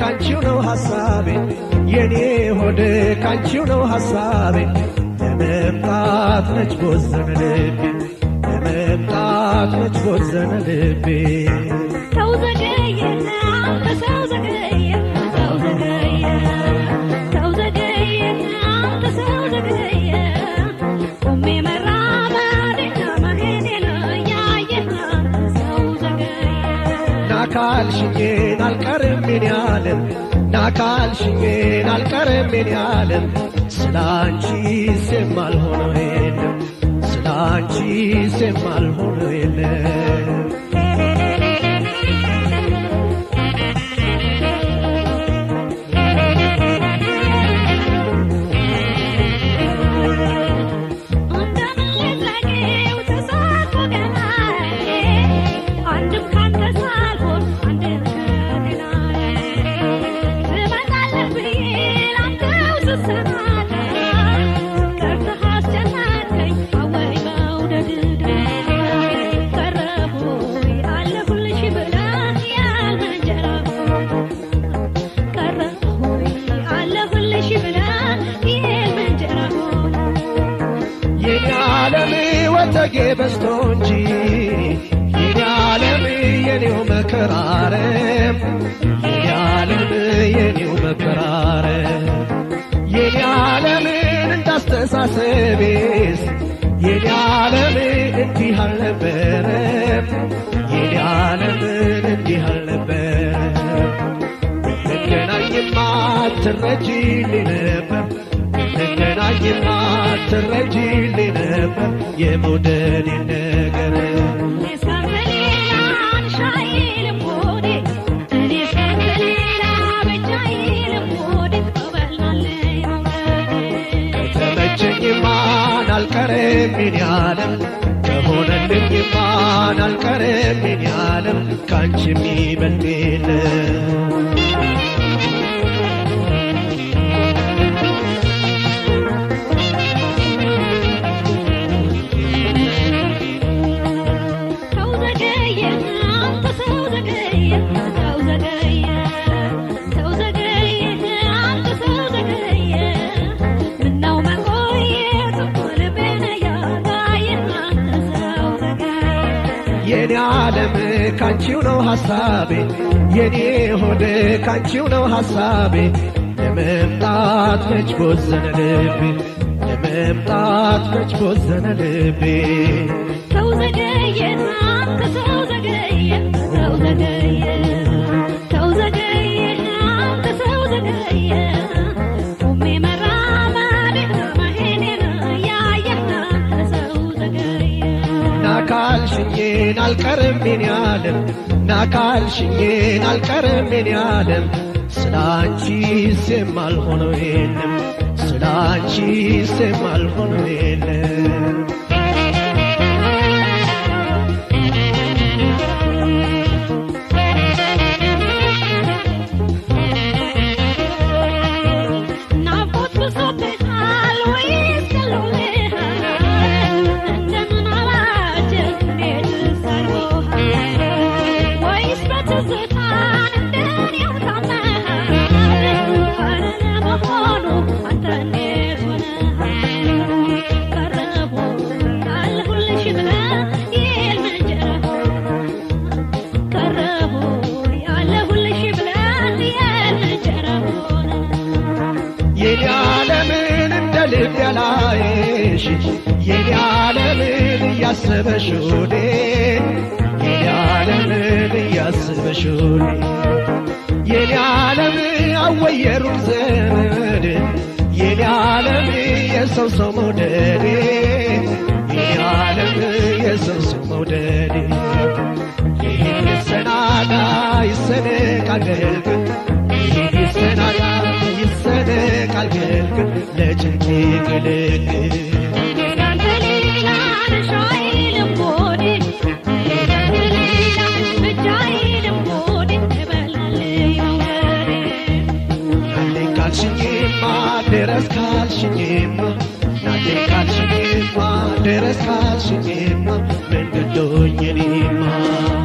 ካንቺው ነው ሀሳቤ የኔ ሆድ ካንቺው ነው ሀሳቤ ለመምጣት ነች ቦዘነ ልቤ ለመምጣት ነች ቦዘነ ልቤ ሰው ዘገየና ሰው ዘገየ ሰው ዘገየ ሰው ዘገየና ናካልሽኝን አልቀረም ኔን ያለም ስለ አንቺ ሴማልሆነ የለም የለም ጌ በዝቶ እንጂ የዓለም የኔው መከራረም የዓለም የኔው መከራረም የዓለምን እንዳስተሳሰቤስ የዓለም እንዲህ አልነበረም የዓለምን እንዲህ አልነበረም እንገናኝማ ትረጂልኝ ነበር ብታይማ ትረጂልኝ ነበር የመውደድ ነገር ከተመቸኝማን አልቀርም ያለም ከሆነልኝማን የሚበልጥ የለም የኔ ዓለም ካንቺው ነው ሐሳቤ የኔ ሆድ ካንቺው ነው ሐሳቤ ለመምጣት መች ቦዘነ ልቤ ለመምጣት መች ቦዘነ ልቤ ሰው ዘገየና ከሰው ዘገየ ሰው ዘገየ አልቀርም ኔ ዓለም ናካልሽኝ አልቀርም ኔ ዓለም ስላንቺ ስም አልሆነው የለም ስላንቺ ስም አልሆነው የለም እያሰበሽ የዓለምን እያሰበሽ ሆዴ የዓለምን እያሰበሽ የኔ ዓለም ዘመድ የኔ ዓለም የሰው ሰው መውደድ የኔ ዓለም የሰው ሰው መውደድ ይሰነቃል ይሰነቃል ግልግል calci niema, na de calci niema, de res calci niema, men de doye niema.